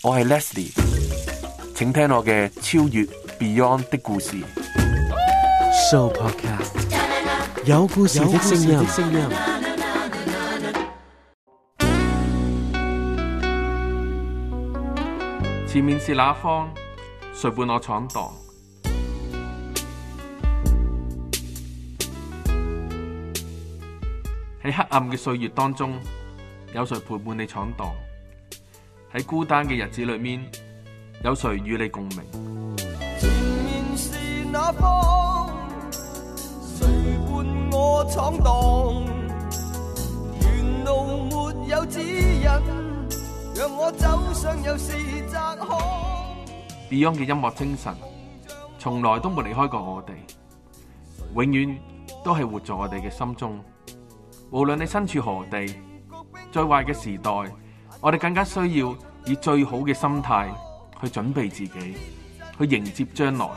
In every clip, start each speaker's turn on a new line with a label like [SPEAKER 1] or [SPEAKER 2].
[SPEAKER 1] 我係 Leslie，請聽我嘅超越 Beyond 的故事
[SPEAKER 2] Show Podcast，有故事，有故事的聲音，
[SPEAKER 1] 前面是那方？誰伴我闖蕩？喺黑暗嘅歲月當中，有誰陪伴你闖蕩？喺孤單嘅日子裏面，有誰與你共鳴？前
[SPEAKER 3] 面是那方，誰伴我闖蕩？沿路沒有指引，讓我走上又是窄巷。
[SPEAKER 1] Beyond 嘅音樂精神，從來都冇離開過我哋，永遠都係活在我哋嘅心中。無論你身處何地，最壞嘅時代。我哋更加需要以最好嘅心態去準備自己，去迎接將來。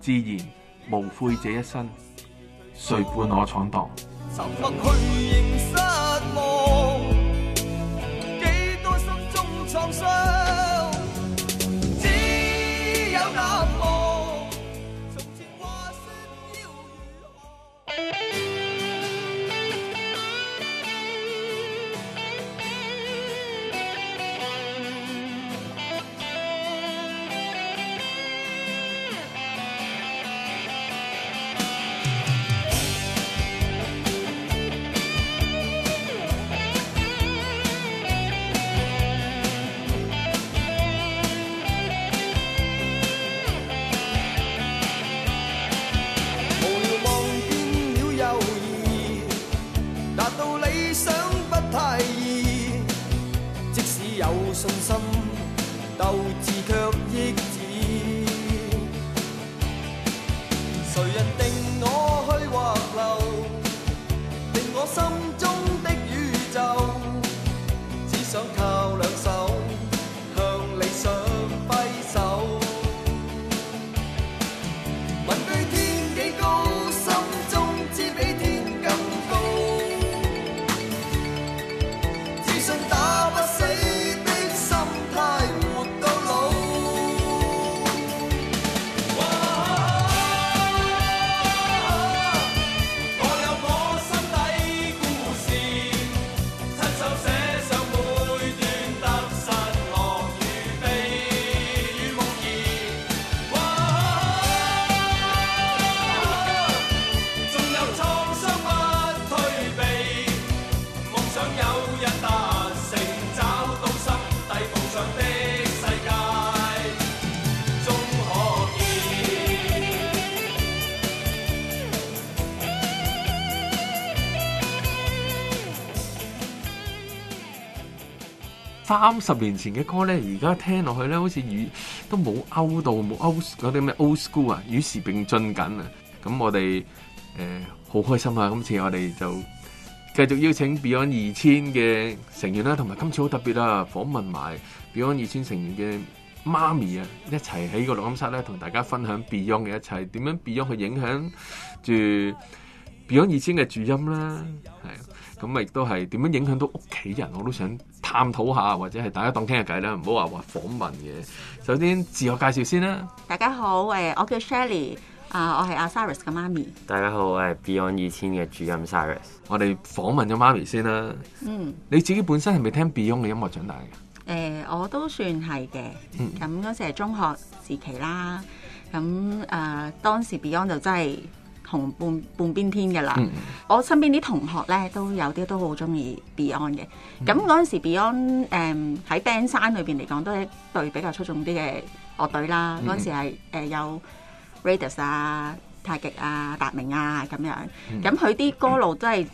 [SPEAKER 1] 自然無悔這一生。誰伴我闖蕩？
[SPEAKER 3] 信心，鬥志卻抑。
[SPEAKER 1] 三十年前嘅歌咧，而家聽落去咧，好似與都冇勾到，冇勾嗰啲咩 old school 啊，與時並進緊啊！咁我哋誒好開心啊！今次我哋就繼續邀請 Beyond 二千嘅成員啦、啊，同埋今次好特別啊，訪問埋 Beyond 二千成員嘅媽咪啊，一齊喺個錄音室咧，同大家分享 Beyond 嘅一切，點樣 Beyond 去影響住 Beyond 二千嘅主音啦、啊，係。咁亦都係點樣影響到屋企人？我都想探討下，或者係大家當傾下偈啦，唔好話話訪問嘅。首先自我介紹先啦。
[SPEAKER 4] 大家好，誒，我叫 Shelly，啊，我係阿 Saris 嘅媽咪。
[SPEAKER 1] 大家好，我係 Beyond 二千嘅主任 Saris。我哋訪問咗媽咪先啦。嗯。你自己本身係咪聽 Beyond 嘅音樂長大㗎？誒、
[SPEAKER 4] 呃，我都算係嘅。嗯。咁嗰時係中學時期啦。咁誒、呃，當時 Beyond 就真係～同半半邊天嘅啦，嗯、我身邊啲同學咧都有啲都好中意 Beyond 嘅。咁嗰陣時，Beyond 誒、呃、喺 band 山裏邊嚟講都係一對比較出眾啲嘅樂隊啦。嗰陣、嗯、時係、呃、有 Raidas 啊、太極啊、達明啊咁樣。咁佢啲歌路都係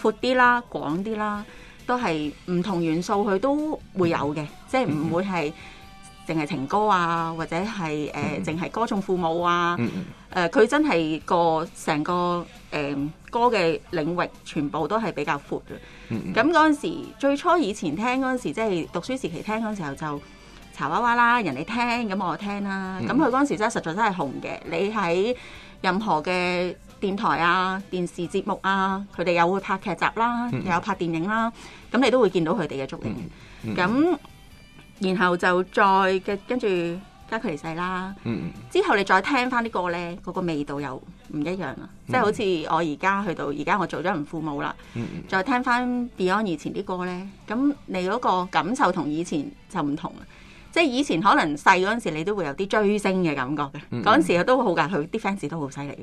[SPEAKER 4] 闊啲啦、廣啲啦，都係唔同元素佢都會有嘅，即係唔會係，淨係情歌啊，或者係誒，淨、uh, 係歌頌父母啊，誒、mm，佢、hmm. 呃、真係個成個誒、um, 歌嘅領域，全部都係比較闊嘅。咁嗰陣時，最初以前聽嗰陣時，即係讀書時期聽嗰時候就查娃娃啦，人哋聽，咁我聽啦、啊。咁佢嗰陣時真係實在真係紅嘅。你喺任何嘅電台啊、電視節目啊，佢哋有會拍劇集啦，mm hmm. 又有拍電影啦，咁你都會見到佢哋嘅蹤影。咁然後就再嘅跟住加佢離世啦，嗯、之後你再聽翻啲歌咧，嗰、嗰個味道又唔一樣啦。嗯、即係好似我而家去到而家，我做咗人父母啦，嗯嗯、再聽翻 Beyond 以前啲歌咧，咁你嗰個感受同以前就唔同。即係以前可能細嗰陣時，你都會有啲追星嘅感覺嘅，嗰陣、嗯、時都好噶，佢啲 fans 都好犀利嘅。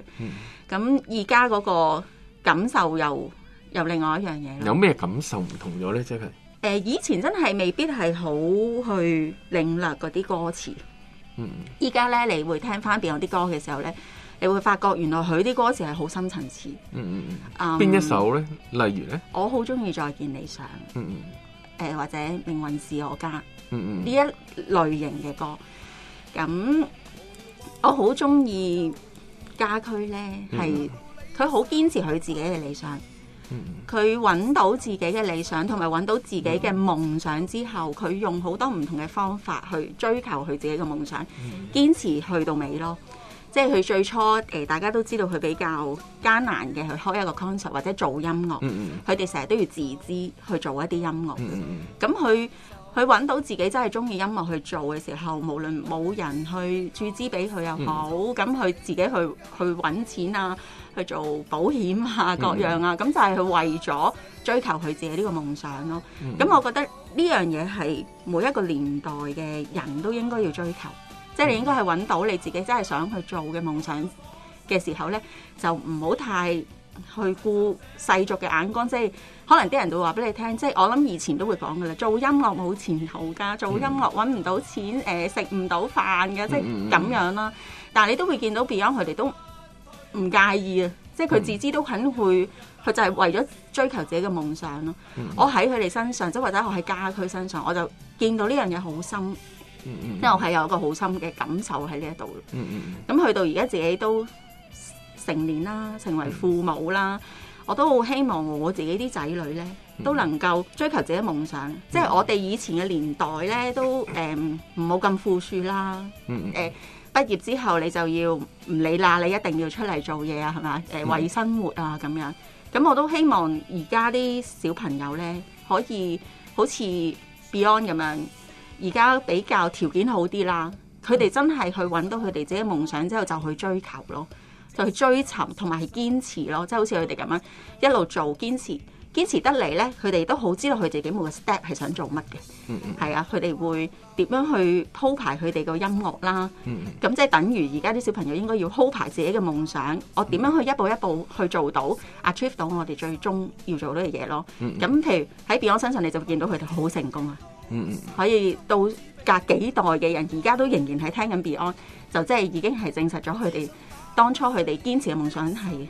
[SPEAKER 4] 咁而家嗰個感受又又另外一樣嘢啦。有
[SPEAKER 1] 咩感受唔同咗咧？即係。
[SPEAKER 4] 誒，以前真係未必係好去領略嗰啲歌詞，嗯，依家，咧你會聽翻變有啲歌嘅時候咧，你會發覺原來佢啲歌詞係好深層次，
[SPEAKER 1] 嗯嗯啊，邊、um, 一首咧？例如咧？
[SPEAKER 4] 我好中意再見理想，嗯，誒、嗯呃、或者命運是我家，嗯嗯、
[SPEAKER 3] 呢、嗯、一
[SPEAKER 4] 類型嘅歌，咁我好中意家駒咧，係佢好堅持佢自己嘅理想。佢揾到自己嘅理想同埋揾到自己嘅夢想之後，佢用好多唔同嘅方法去追求佢自己嘅夢想，堅持去到尾咯。即係佢最初，誒、呃、大家都知道佢比較艱難嘅，去開一個 concert 或者做音樂，佢哋成日都要自資去做一啲音樂，咁佢。 佢揾到自己真係中意音樂去做嘅時候，無論冇人去注資俾佢又好，咁佢、嗯、自己去去揾錢啊，去做保險啊，嗯、各樣啊，咁就係佢為咗追求佢自己呢個夢想咯、啊。咁、嗯、我覺得呢樣嘢係每一個年代嘅人都應該要追求，即係，你應該係揾到你自己真係想去做嘅夢想嘅時候呢，就唔好太去顧世俗嘅眼光，即係。可能啲人都會話俾你聽，即係我諗以前都會講㗎啦，做音樂冇前途㗎，做音樂揾唔到錢，誒食唔到飯嘅，即係咁樣啦。但係你都會見到 Beyond 佢哋都唔介意啊，即係佢自知都肯去，佢就係為咗追求自己嘅夢想咯。嗯、我喺佢哋身上，即或者我喺家駒身上，我就見到呢樣嘢好深，嗯嗯、因為我係有一個好深嘅感受喺呢一度。咁去到而家自己都成年啦，成為父母啦。嗯嗯嗯我都好希望我自己啲仔女呢，都能夠追求自己夢想。即係我哋以前嘅年代呢，都誒唔好咁富庶啦。誒、嗯呃、畢業之後你就要唔理啦，你一定要出嚟做嘢啊，係咪？誒、呃、為生活啊咁樣。咁我都希望而家啲小朋友呢，可以好似 Beyond 咁樣，而家比較條件好啲啦。佢哋真係去揾到佢哋自己嘅夢想之後，就去追求咯。就去追尋，同埋係堅持咯，即係好似佢哋咁樣一路做堅持，堅持得嚟咧，佢哋都好知道佢自己每個 step 係想做乜嘅。嗯，嗯，係啊，佢哋會點樣去鋪排佢哋個音樂啦？嗯，嗯，咁即係等於而家啲小朋友應該要鋪排自己嘅夢想，我點樣去一步一步去做到 achieve 到我哋最終要做呢啲嘢咯？嗯，咁譬如喺 Beyond 身上，你就會見到佢哋好成功啊。嗯，嗯，可以到隔幾代嘅人，而家都仍然係聽緊 Beyond，就即係已經係證實咗佢哋。當初佢哋堅持嘅夢想係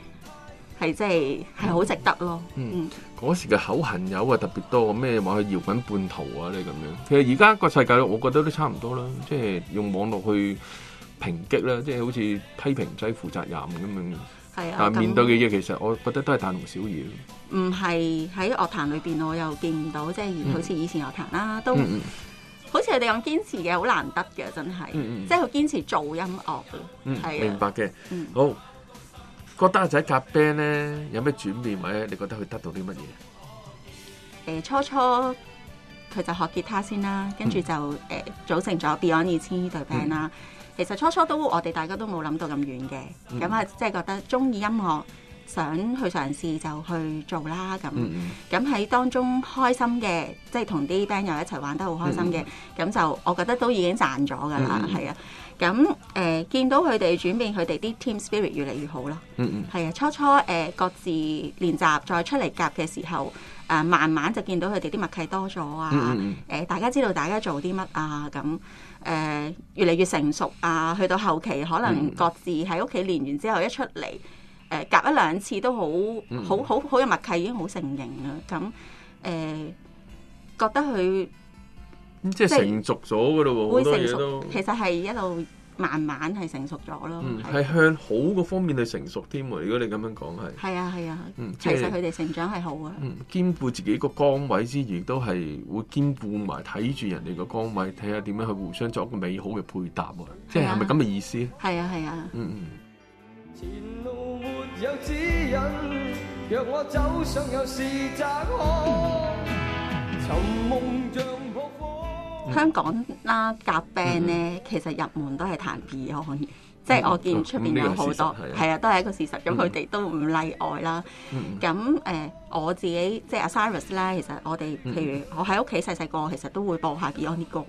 [SPEAKER 4] 係即係係好值得咯。嗯，
[SPEAKER 1] 嗰時嘅口痕友啊特別多，咩話去搖滾半途啊你咁樣。其實而家個世界，我覺得都差唔多啦，即係用網絡去抨擊啦，即係好似批評劑負責任咁樣。係啊，但面對嘅嘢其實我覺得都係大同小異。唔
[SPEAKER 4] 係喺樂壇裏邊我又見唔到，即係好似以前樂壇啦都。嗯嗯好似佢哋咁堅持嘅，好難得嘅，真係，嗯、即係佢堅持做音樂。嗯，的明
[SPEAKER 1] 白嘅。嗯、好，覺得阿仔夾 band 咧，有咩轉變或者你覺得
[SPEAKER 4] 佢得到啲乜嘢？誒、呃，初初佢就學吉他先啦，跟住就誒、嗯呃、組成咗 Beyond 二、e、千呢隊 band 啦。嗯、其實初初都我哋大家都冇諗到咁遠嘅，咁啊即係覺得中意音樂。想去嘗試就去做啦，咁咁喺當中開心嘅，即係同啲 band 友一齊玩得好開心嘅，咁、嗯、就我覺得都已經賺咗噶啦，係、嗯、啊，咁、呃、誒見到佢哋轉變，佢哋啲 team spirit 越嚟越好咯、嗯，嗯嗯，係啊，初初誒、呃、各自練習再出嚟夾嘅時候，誒、呃、慢慢就見到佢哋啲默契多咗啊，誒、呃、大家知道大家做啲乜啊，咁誒、呃、越嚟越成熟啊，去到後期可能各自喺屋企練完之後一出嚟。隔一兩次都好，好好好有默契，已經好成型啦。咁誒，覺得佢咁即係成熟咗噶咯喎。好多嘢都其實係一路慢慢係成熟咗咯。係
[SPEAKER 1] 向好個方面去成熟添。如果你咁樣講係，
[SPEAKER 4] 係啊係啊。嗯，其實佢哋成長係好啊。嗯，
[SPEAKER 1] 兼顧自己個崗位之餘，亦都係會兼顧埋睇住人哋個崗位，睇下點樣去互相作一個美好嘅配搭啊。即係係咪咁嘅意思？
[SPEAKER 4] 係啊係啊。嗯嗯。
[SPEAKER 3] 前路沒有指引，若我走上又是窄巷，尋夢像撲火。
[SPEAKER 2] 香
[SPEAKER 4] 港啦，夾 band 咧，其實入門都係彈 Beyond，即係我見出邊有好多，係啊，都係一個事實。咁佢哋都唔例外啦。咁誒，我自己即係阿 Sirius 咧，其實我哋譬如我喺屋企細細個，其實都會播下 Beyond 啲歌。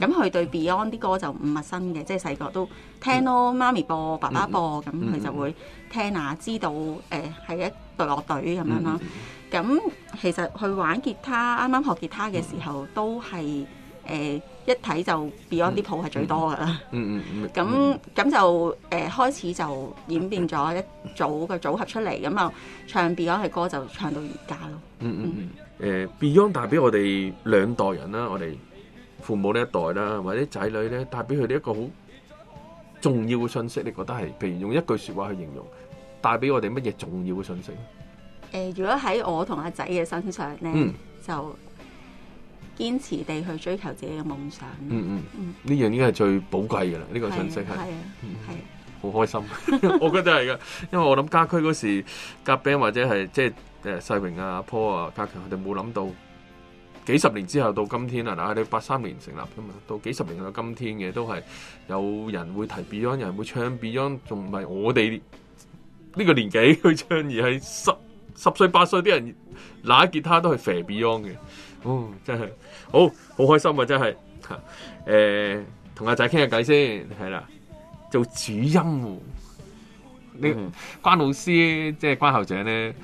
[SPEAKER 4] 咁佢對 Beyond 啲歌就唔陌生嘅，即係細個都聽咯。媽咪播，爸爸播，咁佢就會聽下，知道誒係一隊樂隊咁樣啦。咁其實去玩吉他，啱啱學吉他嘅時候都係。誒一睇就 Beyond 啲譜係最多噶啦，嗯嗯
[SPEAKER 2] 嗯，咁
[SPEAKER 4] 咁就誒開始就演變咗一組嘅組合出嚟，咁就唱 Beyond 嘅歌就唱到而家咯。嗯嗯
[SPEAKER 1] 嗯，誒 Beyond 帶俾我哋兩代人啦，我哋父母呢一代啦，或者仔女咧，帶俾佢哋一個好重要嘅信息，你覺得係？譬如用一句説話去形容，帶俾我哋乜嘢重要嘅信息
[SPEAKER 4] 咧？誒，如果喺我同阿仔嘅身上咧，就。
[SPEAKER 1] 堅持地去追求自己嘅夢想。嗯嗯嗯，呢、嗯嗯、樣已經係最寶貴嘅啦。呢、呢個信息係係啊，係好開心。 我覺得係嘅，因為我諗家駒嗰時，夾 band 或者係即係誒世榮啊、阿 Paul 啊、家強，佢哋冇諗到幾十年之後到今天啊嗱，佢哋八三年成立㗎嘛，到幾十年到今天嘅都係有人會提 Beyond，有人會唱 Beyond，仲唔係我哋呢個年紀去唱，而係十十歲八歲啲人拿結他都係肥 Beyond 嘅。 哦，真係，好、哦、好開心啊！真係，吓、呃，誒，同阿仔傾下偈先，係啦，做主音、哦，你、嗯、關老師即係關校長咧，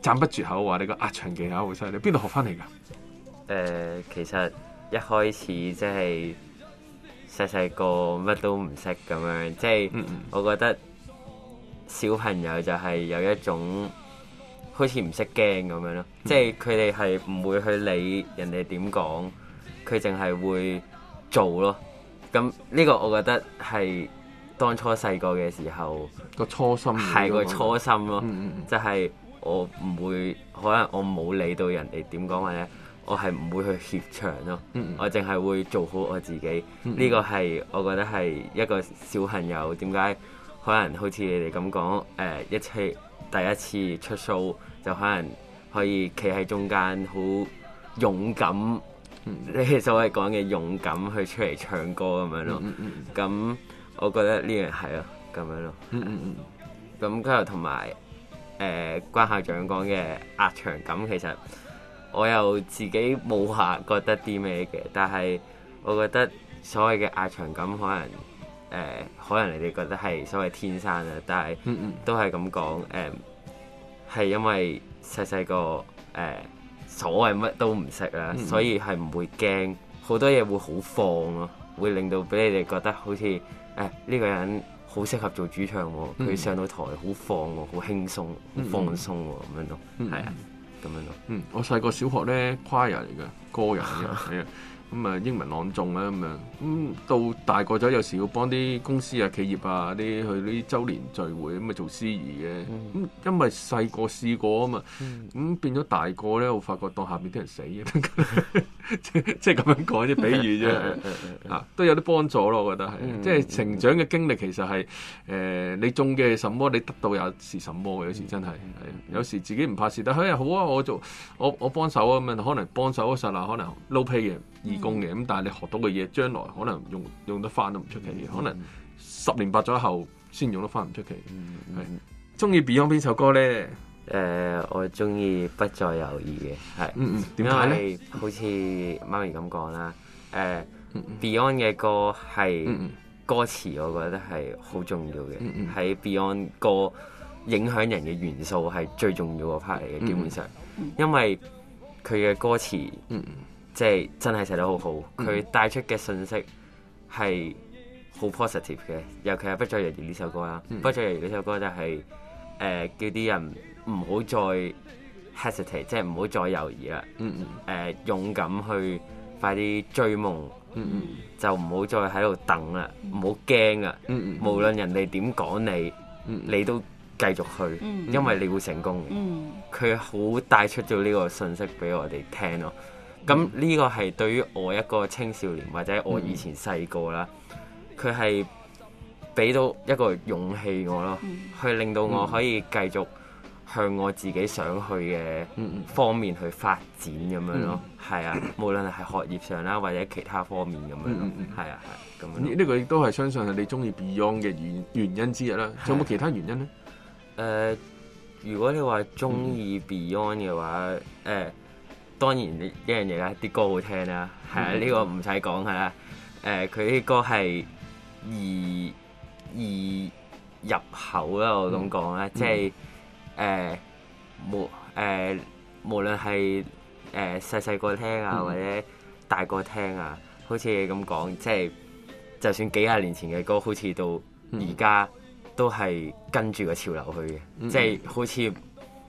[SPEAKER 1] 讚不絕口，話
[SPEAKER 2] 你個壓場技巧好犀利，你邊度學翻嚟噶？誒、呃，其實一開始即係細細個乜都唔識咁樣，即、就、係、是、我覺得小朋友就係有一種。好似唔識驚咁樣咯，嗯、即係佢哋係唔會去理人哋點講，佢淨係會做咯。咁呢個我覺得係當初細個嘅時候個
[SPEAKER 1] 初心係個初心咯，嗯
[SPEAKER 2] 嗯嗯就係我唔會可能我冇理到人哋點講或者我係唔會去怯場咯，嗯嗯我淨係會做好我自己。呢、嗯嗯、個係我覺得係一個小朋友點解可能好似你哋咁講誒一切。第一次出 show 就可能可以企喺中間，好勇敢，呢啲、嗯、所謂講嘅勇敢去出嚟唱歌咁樣咯。咁、嗯嗯嗯、我覺得呢樣係咯，咁樣咯。咁跟住同埋誒關校長講嘅壓場感，其實我又自己冇下覺得啲咩嘅，但係我覺得所謂嘅壓場感可能。誒，可能你哋覺得係所謂天生啊，但係都係咁講誒，係、嗯嗯、因為細細個誒，所謂乜都唔識啊，嗯、所以係唔會驚好多嘢，會好放咯，會令到俾你哋覺得好似誒呢個人好適合做主唱喎，佢、嗯、上到台好放喎，好輕鬆，好放鬆喎咁樣咯，係啊，
[SPEAKER 1] 咁樣咯。嗯，我細個小學咧，跨人嚟嘅，歌人啊。咁啊、嗯，英文朗眾啦，咁樣咁到大個咗，有時要幫啲公司啊、企業啊啲去呢啲周年聚會咁啊、嗯、做司儀嘅。咁、嗯、因為細個試過啊嘛，咁、嗯嗯嗯嗯嗯、變咗大個咧，我發覺當下邊啲人死，即即咁樣講啫，比喻啫，嚇都有啲幫助咯。我覺得係即係成長嘅經歷，其實係誒、呃、你種嘅什麼，你得到也是什麼，有時真係，有時自己唔怕事，但、哎、係好啊，我做我我幫手啊，咁可能幫手嗰時嗱，可能 low pay 嘅。義工嘅咁，嗯、但係你學到嘅嘢，將來可能用用得翻都唔出奇，嗯、可能十年八載後先用得翻唔出奇。
[SPEAKER 2] 係中意 Beyond 邊首歌咧？誒、呃，我中意不再猶豫嘅，係、嗯呃嗯。嗯嗯。點解咧？好似媽咪咁講啦。誒，Beyond 嘅歌係歌詞，我覺得係好重要嘅。喺、嗯嗯嗯、Beyond 歌影響人嘅元素係最重要個 part 嚟嘅，嗯嗯、基本上，因為佢嘅歌詞嗯。嗯。即係真係寫得好好，佢帶出嘅信息係好 positive 嘅，尤其係不再猶豫呢首歌啦。不再猶豫呢首歌就係誒叫啲人唔好再 hesitate，即係唔好再猶豫啦。誒勇敢去快啲追夢，就唔好再喺度等啦，唔好驚啊！無論人哋點講你，你都繼續去，因為你會成功嘅。佢好帶出咗呢個信息俾我哋聽咯。咁呢個係對於我一個青少年或者我以前細個啦，佢係俾到一個勇氣我咯，嗯、去令到我可以繼續向我自己想去嘅方面去發展咁樣咯。係、嗯、啊，無論係學業上啦或者其他方面咁樣咯。係、嗯嗯、啊，係咁、啊啊、樣。呢、這個亦都係相信係你中意 Beyond 嘅原原因之一啦。
[SPEAKER 1] 仲有冇其他原因呢？誒、
[SPEAKER 2] 啊呃，如果你話中意 Beyond 嘅話，誒、嗯。呃呃當然一樣嘢啦，啲歌好聽啦，係啊，呢個唔使講係啦。誒，佢啲歌係易易入口啦，我咁講咧，即係誒無誒，無論係誒細細個聽啊，或者大個聽啊，好似你咁講，即係就算幾廿年前嘅歌，好似到而家都係跟住個潮流去嘅，即係好似。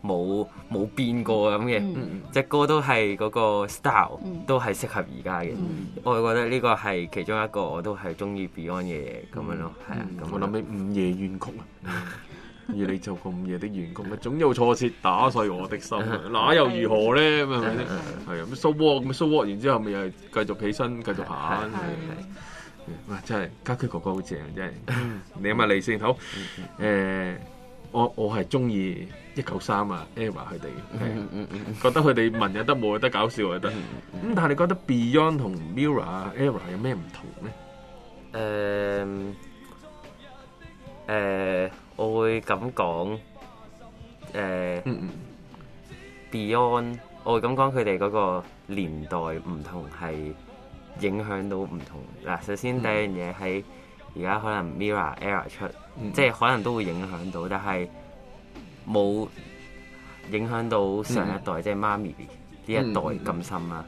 [SPEAKER 2] 冇冇變過咁嘅，隻歌都係嗰個 style，都係適合而家嘅。我覺得呢個係其中一個我都係中意 Beyond 嘅嘢咁樣咯。係啊，我諗起
[SPEAKER 1] 午夜怨曲啊，而你做個午夜的怨曲，總有挫折打碎我的心，那又如何咧？咁啊，係啊，so what？咁 so what？然之後咪又係繼續起身，繼續行。哇！真係家駒哥哥好正，真係。你咪嚟先，好誒。我我係中意一九三啊，ERA 佢哋，覺得佢哋文有得冇，得搞笑又得。咁但係你覺得 Beyond 同 Mirror 啊，ERA
[SPEAKER 2] 有咩唔同呢？誒誒，我會咁講誒，Beyond 我會咁講，佢哋嗰個年代唔同係影響到唔同。嗱，首先第一樣嘢係。而家可能 Mirror era 出，即係可能都會影響到，但係冇影響到上一代，嗯、即係媽咪呢一代咁深啦。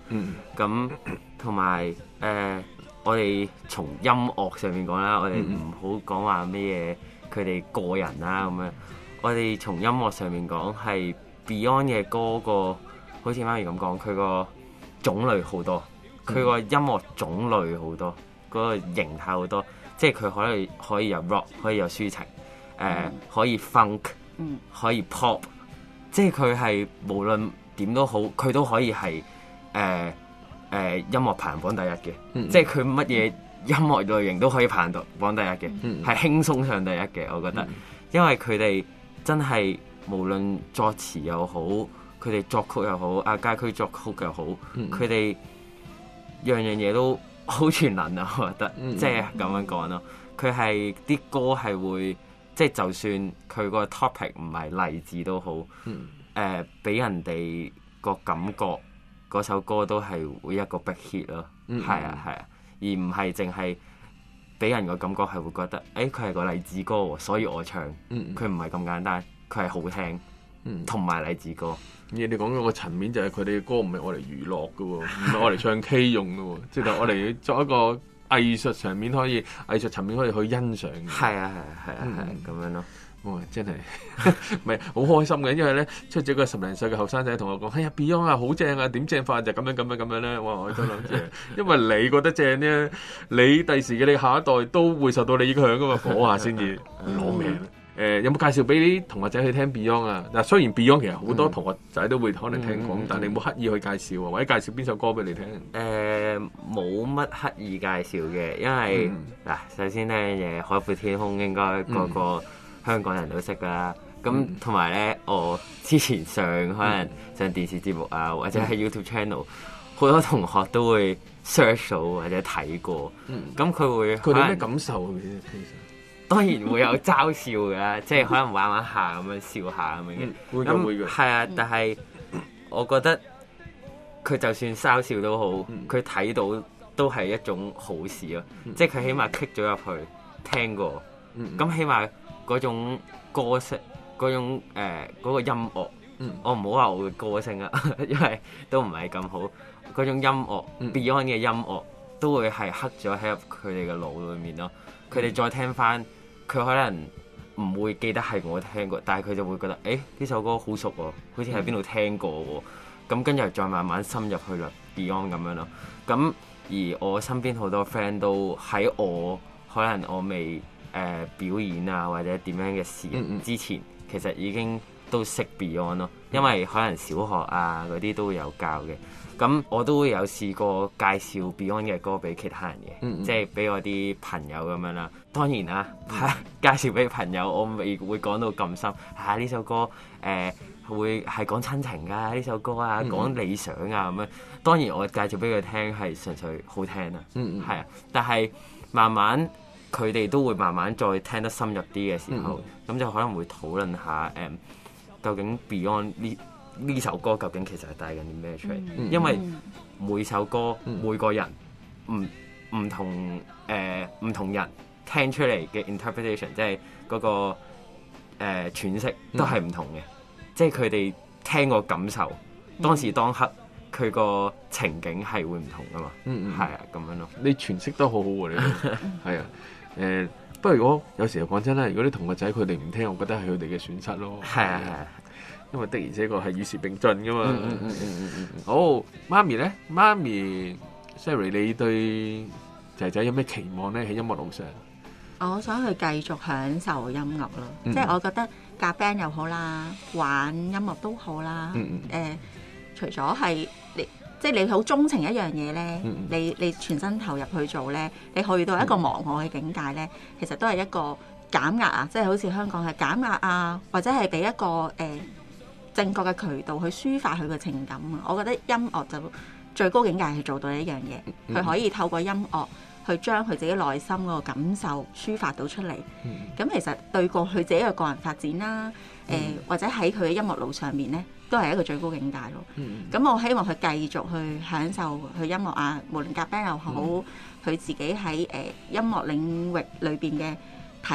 [SPEAKER 2] 咁同埋誒我哋從音樂上面講啦，我哋唔好講話咩嘢佢哋個人啦咁樣，嗯、我哋從音樂上面講係 Beyond 嘅歌個好似媽咪咁講，佢個種類好多，佢個音樂種類好多，個形態好多。即係佢可以可以有 rock，可以有抒情，誒、呃、可以 funk，可以 pop，嗯、即係佢係無論點都好，佢都可以係誒誒音樂排行榜第一嘅，嗯、即係佢乜嘢音樂類型都可以排到榜第一嘅，係輕鬆上第一嘅。我覺得，嗯、因為佢哋真係無論作詞又好，佢哋作曲又好，啊，街區作曲又好，佢哋、嗯、樣樣嘢都。好全能啊，我覺得，即係咁樣講咯。佢係啲歌係會，嗯、即係就算佢個 topic 唔係勵志都好，誒、嗯，俾、呃、人哋個感覺嗰首歌都係會一個 big hit 咯。係、嗯嗯、啊係啊，而唔係淨係俾人個感覺係會覺得，誒、欸，佢係個勵志歌、哦，所以我唱。佢唔係咁簡單，佢係好聽。嗯，同埋勵志歌，你哋講嗰個
[SPEAKER 1] 層面就係佢哋嘅歌唔係我嚟娛樂嘅喎、哦，唔係我嚟唱 K 用嘅喎，即係我嚟作一個藝術層面可以藝術層面可以去欣賞嘅。係啊、 嗯，係啊、哦，係啊，咁樣咯。哇，真係唔好開心嘅，因為咧出咗個十零歲嘅後生仔同我講， 哎呀 Beyond 啊好正啊，點正法就咁樣咁樣咁樣咧。哇，我都諗住，因為你覺得正咧、啊，你第時嘅你下一代都會受到你影響噶嘛，火下先至攞命。 誒、呃、有冇介紹俾啲同學仔去聽 Beyond 啊？嗱，雖然 Beyond 其實好多同學仔都會可能聽講，嗯、但你
[SPEAKER 2] 冇刻意去介紹、啊、或者介紹邊首歌俾你聽？誒、呃，冇乜刻意介紹嘅，因為嗱、嗯啊，首先呢樣《海闊天空》應該個個香港人都識噶啦。咁同埋咧，我之前上可能上電視節目啊，嗯、或者喺 YouTube channel 好多同學都會 search 到或者睇過。咁佢、嗯、會佢有咩
[SPEAKER 1] 感受、啊？
[SPEAKER 2] 當然會有嘲笑㗎，即係可能玩玩下咁樣笑下咁樣嘅。會嘅會嘅。係啊，但係我覺得佢就算嘲笑都好，佢睇到都係一種好事咯。即係佢起碼 k 咗入去聽過，咁起碼嗰種歌聲、嗰種誒嗰個音樂，我唔好話我嘅歌聲啊，因為都唔係咁好。嗰種音樂，Beyond 嘅音樂都會係刻咗喺入佢哋嘅腦裏面咯。佢哋再聽返，佢可能唔會記得係我聽過，但係佢就會覺得，誒、欸、呢首歌好熟喎，好似喺邊度聽過喎。咁跟住再慢慢深入去啦，Beyond 咁樣咯。咁而我身邊好多 friend 都喺我可能我未誒、呃、表演啊或者點樣嘅事之前，嗯嗯其實已經都識 Beyond 咯，因為可能小學啊嗰啲都會有教嘅。咁我都有試過介紹 Beyond 嘅歌俾其他人嘅，嗯嗯即係俾我啲朋友咁樣啦。當然啦、啊，嗯、 介紹俾朋友，我未會講到咁深。嚇、啊、呢首歌，誒、呃、會係講親情㗎，呢首歌啊講、嗯嗯、理想啊咁樣。當然我介紹俾佢聽係純粹好聽啦，嗯，嗯係啊。但係慢慢佢哋都會慢慢再聽得深入啲嘅時候，咁、嗯嗯、就可能會討論下誒、嗯、究竟 Beyond 呢？呢首歌究竟其實係帶緊啲咩出嚟？因為每首歌每個人唔唔同，誒唔同人聽出嚟嘅 interpretation，即係嗰個誒詮釋都係唔同嘅。即係佢哋聽個感受，當時當刻佢個情景係會唔同噶嘛？嗯嗯，係啊，咁樣咯。你詮
[SPEAKER 1] 釋得好好喎，你係啊誒。不過如果有時候講真咧，如果你同個仔佢哋唔聽，我覺得係佢哋嘅損失咯。係啊，係啊。因為的而且確係與時並進噶嘛。 好，媽咪咧，媽咪，Siri， 你對仔仔有咩期望咧？喺音樂路上，
[SPEAKER 4] 我想去繼續享受音樂咯。嗯、即係我覺得夾 band 又好啦，玩音樂都好啦。誒、嗯嗯呃，除咗係你，即係你好鍾情一樣嘢咧，嗯嗯你你全身投入去做咧，你去到一個忘我嘅境界咧，嗯、其實都係一個減壓啊！即係好似香港係減壓啊，或者係俾一個誒。呃呃正確嘅渠道去抒發佢嘅情感。我覺得音樂就最高境界係做到一樣嘢，佢、嗯、可以透過音樂去將佢自己內心嗰個感受抒發到出嚟。咁、嗯、其實對過去自己嘅個人發展啦、啊，誒、呃嗯、或者喺佢嘅音樂路上面呢，都係一個最高境界咯。咁、嗯、我希望佢繼續去享受佢音樂啊，無論夾 band 又好，佢、嗯、自己喺誒、呃、音樂領域裏邊嘅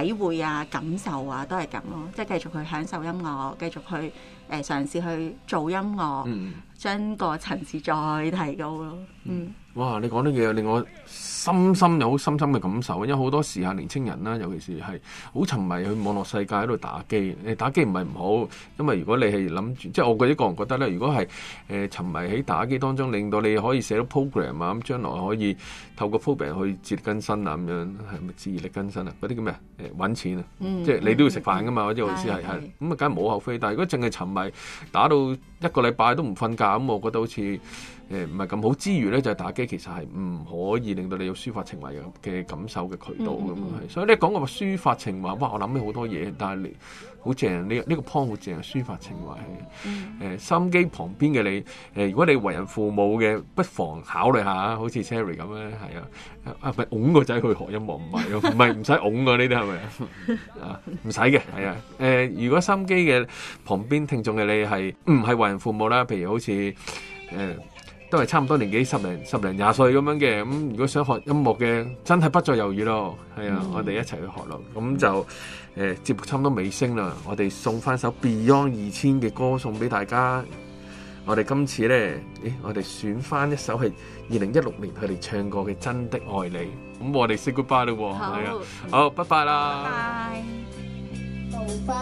[SPEAKER 4] 體會啊、感受啊，都係咁咯。即、就、係、是、繼續去享受音樂，繼續去。誒嘗試去做音樂，嗯、將個層次再提高
[SPEAKER 1] 咯。嗯，哇！你講啲嘢令我深深有好深深嘅感受，因為好多時下，年青人啦，尤其是係好沉迷去網絡世界喺度打機。你打機唔係唔好，因為如果你係諗住，即係我個人覺得咧，如果係誒沉迷喺打機當中，令到你可以寫到 program 啊，咁將來可以。透過 copy 去自力更新啊咁樣，係咪自力更新啊？嗰啲叫咩？誒揾錢啊，嗯、
[SPEAKER 3] 即係你都要
[SPEAKER 1] 食飯噶嘛，或者我意思係係，咁啊梗係冇後悔。但係如果淨係沉迷打到一個禮拜都唔瞓覺，咁我覺得好似誒唔係咁好。之餘咧，就係、是、打機其實係唔可以令到你有抒發情懷嘅感受嘅渠道咁啊。嗯嗯、所以你講嗰個抒發情懷，哇！我諗起好多嘢。但係你好正，呢呢 point 好正，抒發情懷係、嗯嗯呃、心機旁邊嘅你。誒、呃，如果你為人父母嘅，不妨考慮下好似 Sherry 咁咧，係啊，啊唔係㧬個仔去學音樂唔係咯，唔係唔使㧬啊，呢啲係咪啊？唔使嘅，係 啊，誒、呃，如果心機嘅旁邊聽眾嘅你係唔係為人父母啦？譬如好似誒、呃、都係差唔多年紀十零十零廿歲咁樣嘅，咁、嗯、如果想學音樂嘅，真係不再猶豫咯。係啊、mm hmm. 呃，我哋一齊去學咯。咁就誒節目差唔多尾聲啦，我哋送翻首 Beyond 二千嘅歌送俾大家。我哋今次咧，咦？我哋選翻一首係二零一六年佢哋唱過嘅《真的愛你》。咁我哋 say goodbye 啦，哦，係好啊，好，拜拜啦。Bye
[SPEAKER 3] bye 無法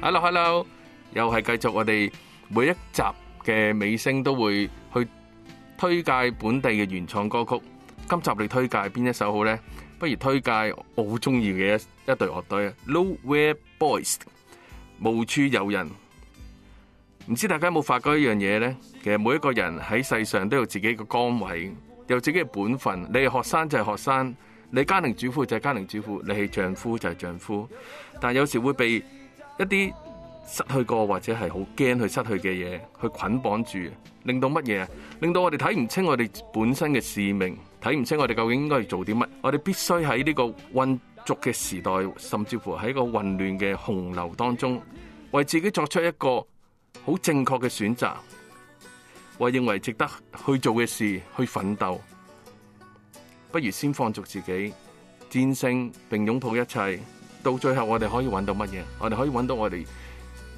[SPEAKER 1] hello，hello，hello. 又係繼續我哋每一集嘅尾聲都會去推介本地嘅原創歌曲，今集你推介邊一首好呢？不如推介我好中意嘅一一隊樂隊，《Nowhere Boys》。無處有人，唔知大家有冇發覺一樣嘢呢？其實每一個人喺世上都有自己嘅崗位，有自己嘅本分。你係學生就係學生，你家庭主婦就係家庭主婦，你係丈夫就係丈夫。但有時會被一啲失去過或者係好驚去失去嘅嘢，去捆綁住，令到乜嘢？令到我哋睇唔清我哋本身嘅使命，睇唔清我哋究竟應該做啲乜？我哋必須喺呢個混濁嘅時代，甚至乎喺一個混亂嘅洪流當中，為自己作出一個好正確嘅選擇，為認為值得去做嘅事去奮鬥。不如先放逐自己，戰勝並擁抱一切。到最後我到，我哋可以揾到乜嘢？我哋可以揾到我哋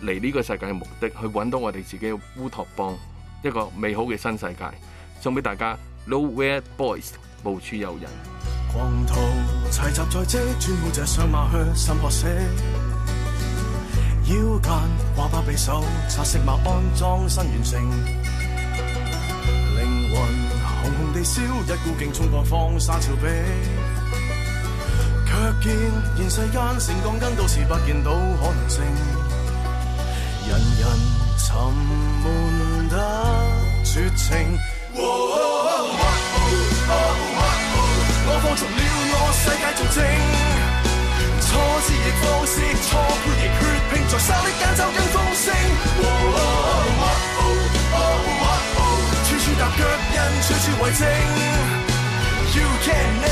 [SPEAKER 1] 嚟呢個世界嘅目的，去揾到我哋自己嘅烏托邦，一個美好嘅新世界。送俾大家，No Where Boys 無處有人。狂徒，齊集在即，轉馬去色；色腰間匕首擦馬安裝新完成。靈魂，紅紅地燒一股勁衝衝放沙卻見現世間成鋼筋，都是不見到可能性。人人沉悶得絕情。我
[SPEAKER 3] 放逐了我世界做證，錯字亦放肆，錯判亦血拼，在沙礫間就因風聲。處處踏腳印，處處為證。You